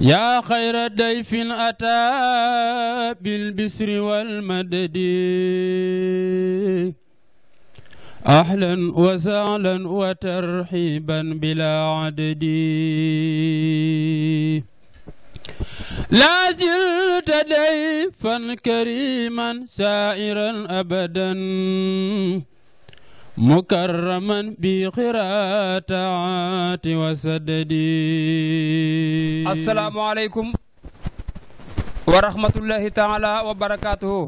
يا خير ضيف أتى بالبسر والمدد أهلا وسهلا وترحيبا بلا عدد لا زلت ضيفا كريما سائرا أبدا مكرما بخيرات وسددي Assalamualaikum warahmatullahi taala wabarakatuh.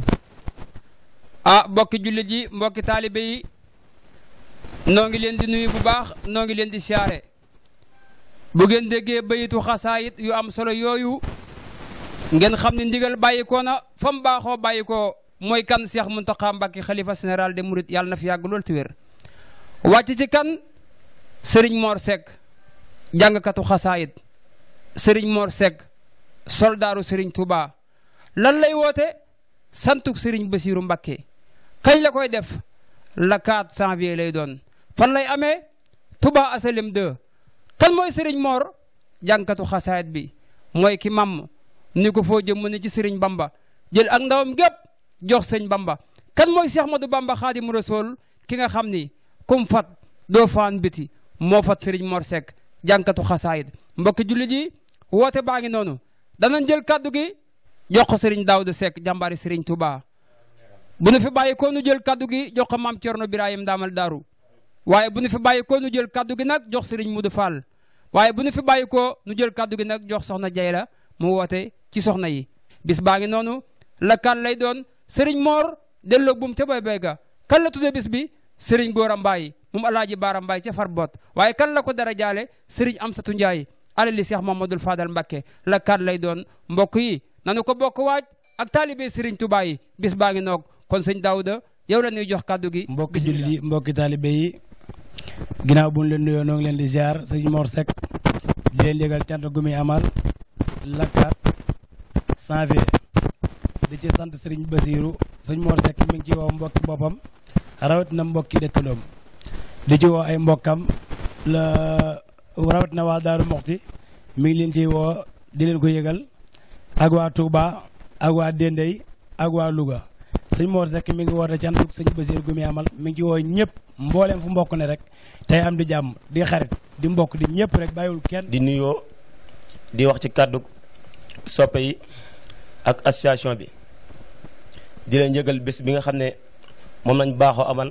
A ah julli ji yi talibe yi no ngi len di nuyu bu baax no ngi len di siyaare bu gen déggee bayitu xasaayit yu am solo yoyu ngen xamni ndigal bayiko na fam mu bayiko moy kan cheikh Muntaxa Mbàkke khalifa général de mourides yàlla na fi yag lol te wér wàcc ci kan serigne Mor jang jàngkatu xasaayit sëriñ moor Seck soldaaru sëriñ Touba lan lay woote santuk sëriñ Basiiru Mbakke kañ la koy def la 4 janvier lay doon fan lay amee Touba Asalem 2 kan mooy sëriñ Mor jànkatu xasaayit bi mooy ki mamm ni ko foo jëm mu ne ci sëriñ Bamba jël ak ndawam gépp jox sëñ Bamba kan mooy Cheikh Ahmadou Bamba Xaadimu Rasuul ki nga xam ni kum fat doo faan biti moo fat sëriñ Mor Seck jànkatu khasaid mbok julli ji wote baangi nonu noonu danañ jël kaddu gi jox Serigne daoud Seck jàmbaari Serigne Touba bu nu fi bàyyi ko nu jël kaddu gi jox mam maam ibrahim damal daru waye bu nu fi bàyyi ko nu jël kaddu gi nak jox Serigne moudou Fall waye bu nu fi bàyyi ko nu jël kaddu gi nak jox soxna Jayla mu wote ci soxna yi bis baangi nonu la kan lay doon Serigne Mor delo bum te bay bay ga kan la bis bi Serigne goram baye moom alaaji baara mbaay ca far boot waaye kan la ko dara jaale sëriñ amsatu njaay alali seex mamadul fadal mbakke la kan lay doon mbokk yi nanu ko bokk waaj ak taalibe sëriñ tubaa yi bis baa ngi noog kon sëñ daawuda yow la ñuy jox kàddu gi mbokki jullit yi mbokki taalibe yi ginnaaw bu ñu leen nuyoo leen di ziar sëñ Mor Seck di leen yëgal cant gu muy lakkaat janvier di ci sant sëriñ Basiiru sëñ Mor Seck mi ci wow mbokki boppam rawat na mbokki dëkkandoom di ci woo ay mbokkam la rawat na waa Daaru Moxti mi ngi leen ciy woo di leen ko yëgal ak waa Touba ak waa Dendey ak waa Louga sëñ moo Seck mi ngi woote ci ànd ak sëñ Basiir amal mi ngi ci woo ñëpp mbooleem fu mbokk ne rek tey am di jàmm di xarit di mbokk di ñëpp rek bàyyiwul kenn. di nuyoo di wax ci kàddu soppe yi ak association bi di leen yëgal bés bi nga xam ne moom nañ baaxoo amal.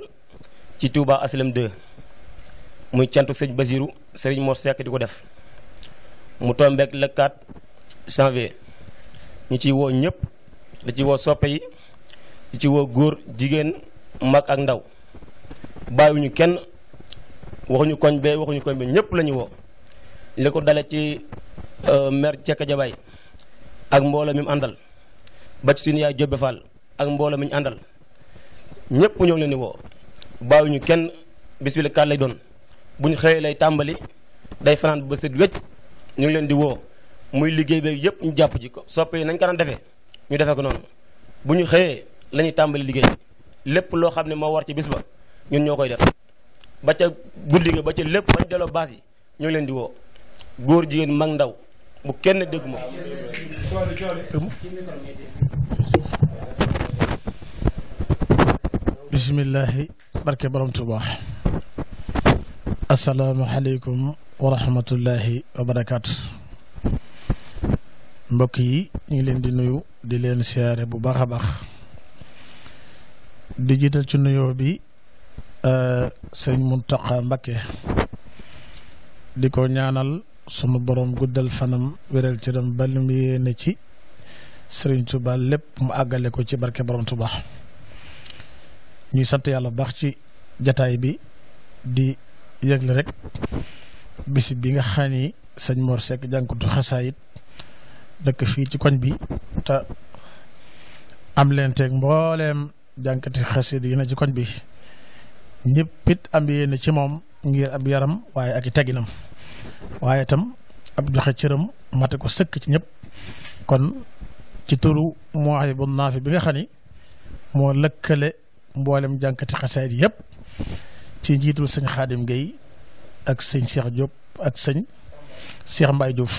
ci Touba Aslam 2 muy cantuk sëñ Basirou sëriñ moo Seck di ko def mu tombeek le 4 ñu ci woo ñëpp da ci woo soppe yi di ci woo góor jigéen mag ak ndaw bàyyiwuñu kenn waxuñu koñ bee waxuñu koñ bee ñëpp la woo li ko dale ci euh, maire Cekka Jabaay ak mbooloo mi àndal ba ci suñu yaay Jóobe Fall ak mbooloo mi àndal ñëpp ñoo ngi leen woo ñu kenn bis bi la lay doon bu ñu xëyee lay tàmbali day fanaan ba set wecc ñu ngi leen di woo muy liggéey beeg yëpp ñu jàpp ji ko soppe yi nañ ko daan ñu defe ko noonu bu ñu xëyee lañuy tàmbali liggéey lépp loo xam ne moo war ci bis ba ñun ñoo koy def ba ca guddi ga ba ca lépp bañ delloo baas yi ñu leen di woo góor jigéen mag ndaw bu kenn dégg ma barke borom Tuuba asalaamaaleykum wa rahmatullahi wa mbokk yi ñu ngi leen di nuyu di leen siyaare bu baax a baax di jiital ci nuyoo bi euh, sëñ Muntaxa Mbakke di ko ñaanal sunu borom guddal fanam wéral ci ram ba mu yéene ci sëriñ Tuuba lépp mu àggale ko ci barke borom Tuuba ñuy sant yàlla bu baax ci jataay bi di yëgle rek bisi bi nga xani ni sëñ Mor Seck jànkutu xasaayit dëkk fii ci koñ bi te am leen teeg mbooleem jànkati xasid yi na ci koñ bi ñëpp it am yéene ci moom ngir ab yaram waaye ak i waaye tam ab joxe cëram mate ko sëkk ci ñëpp kon ci turu Mouwahiboun Nafi bi nga xam ni moo lëkkale mboolem jànkati xasaayid yëpp ci njiitul sëñ Xaadim Guèye ak sëñ Cheikh Diop ak sëñ Cheikh Mbaye Diouf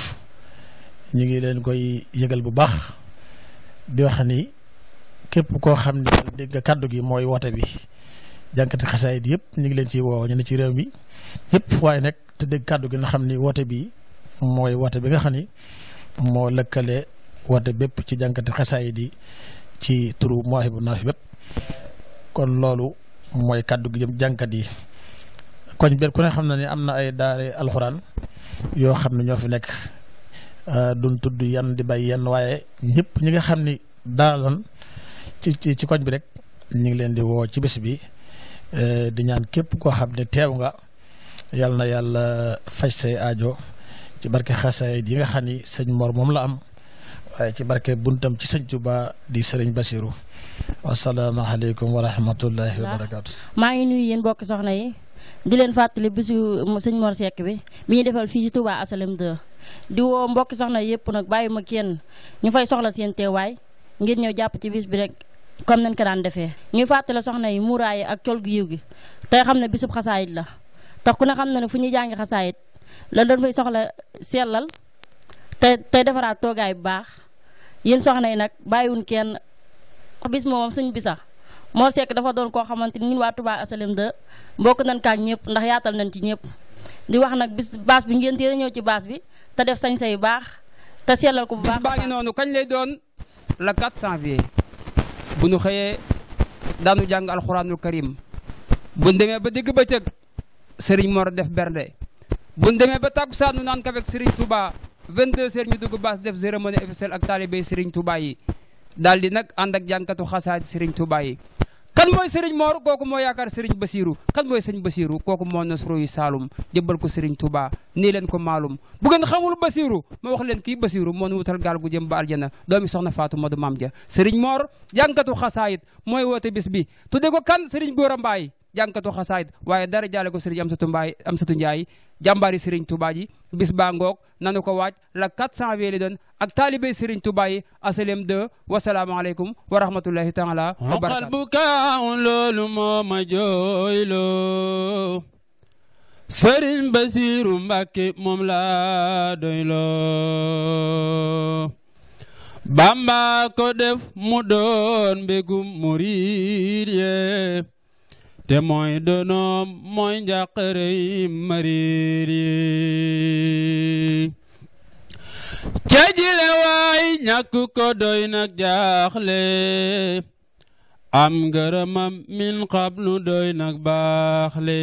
ñu ngi leen koy yëgal bu baax di wax ni képp koo xam ne dégg kàddu gi mooy woote bi jànkati xasaayid yëpp ñu ngi leen ciy woo ñu ne ci réew mi yëpp waaye nag te dégg kàddu gi na xam ni woote bi mooy woote bi nga xam ni moo lëkkale woote bépp ci jànkati xasaayid yi ci turu Mawahibou Nafih bépp kon loolu mooy kàddu gi jëm jànkat yi koñ bet ku ne xam na ni am na ay daare alxuraan yoo xam ne ñoo fi nekk ah, duñ tudd yan di bay yan waaye ñëpp ñi nga xam ni daaloon ci ci ci koñ bi rek ñu ngi leen di woo ci bés bi eh, di ñaan képp koo xam ne teew nga yàlla na yàlla faj say aajo ci barke xasaay yi nga xam ni sëñ Mor moom la am waaye ci barke buntam ci sëñ Tuubaa di sëriñ Basiru asalaamaaleykum wa rahmatullahi wa barakaatu. maa ngi nuyu yéen mbokki soxna yi di leen fàttali bisu sëñ Mor Seck bi bi ñu defal fii ci Touba Asalem 2 di woo mbokki soxna yëpp nag bàyyi ma kenn ñu fay soxla seen teewaay ngir ñëw jàpp ci bis bi rek comme nañ ko daan defee. ñuy fàttali soxna yi muuraay ak col gu yiw gi tey xam ne bisub xasaayit la tax ku ne xam na ne fu ñuy jàngi xasaayit la doon fay soxla te tey defaraat toogaay bu baax yéen nak yi nag bàyyiwun kenn bis moom suñu bi sax Mor Seck dafa doon ko xamanteni ni ñun waa Touba Asalem de mbokk nañ ka ñepp ndax yaatal nañ ci ñepp di wax nak bis baas bi ngeen teel ñew ci baas bi te def sañ say baax te selal ko bu baax bis baa ngi kañ lay doon la 400 vie bu ñu xeye daanu jang alxuraanul karim bu nu demee ba digg bëccëg Serigne Mor def bernde bu ndeme ba takusanu nan ka Serigne Touba. 22h ñu dugg baas def cérémonie officielle ak taalibey Serigne Touba yi daal di nag ànd ak jànkatu xasaat Serigne Touba yi. kan mooy Serigne Mor kooku moo yaakaar Serigne Basiru kan mooy Serigne Basiru kooku moo nasru yu Saalum jëbbal ko Serigne Touba nii leen ko maalum bu ngeen xamul Basiru ma wax leen kii Basiru moo nu wutal gaal gu jëm ba aljana na soxna Faatu Madu Maam ja Serigne Mor jànkatu xasaayit mooy woote bis bi tudde ko kan Serigne Gora Mbaye jankatu xasaayit waye dara jale ko serigne am mbay mbaay am satu serigne touba ji bis bangok ngoog nanu ko waaj la 400 weli don ak talibe serigne touba yi asalem 2 alaykum wa rahmatullahi taala wa barakatu bukaa loolu ma jooyloo sëriñ bamba ko def mu doon murid yee te mooy donoom mooy njàqare yi mariir yi ca jile waay ñàkk ko doy nag jaaxle am ngërëmam min qablu doy nag baaxle